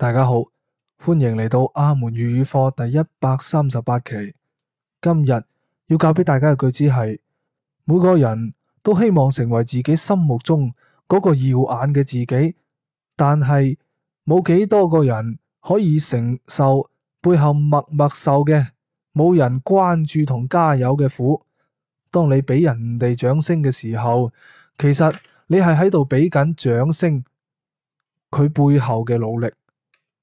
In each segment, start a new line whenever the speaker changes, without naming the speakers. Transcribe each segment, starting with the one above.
大家好，歡迎嚟到阿門粵語課第一百三十八期。今日要教俾大家嘅句子係：每個人都希望成為自己心目中嗰個耀眼嘅自己，但係冇幾多個人可以承受背後默默受嘅冇人關注同加油嘅苦。當你俾人哋掌聲嘅時候，其實你係喺度俾緊掌聲佢背後嘅努力。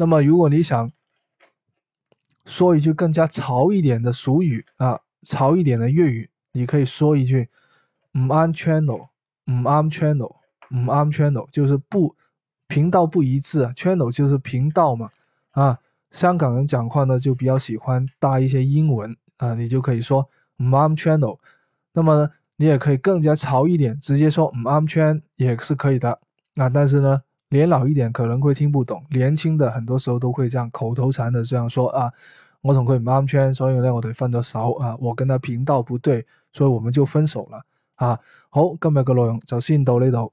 那麼，如果你想說一句更加潮一點的俗語啊，潮一點的粵語，你可以說一句“唔啱 channel，唔啱 channel，唔啱 channel”，就是不頻道不一致。channel 就是頻道嘛。啊，香港人講話呢就比較喜歡搭一些英文啊，你就可以說“唔啱 channel”。那麼呢你也可以更加潮一點，直接說“唔啱” chan, 也是可以的。那、啊、但是呢？年老一點可能會聽不懂，年輕的很多時候都會這樣口頭禪的這樣說啊，我總歸唔啱圈，所以呢我得分咗手啊，我跟他頻道不對，所以我們就分手了啊。好，今日嘅內容就先到呢度。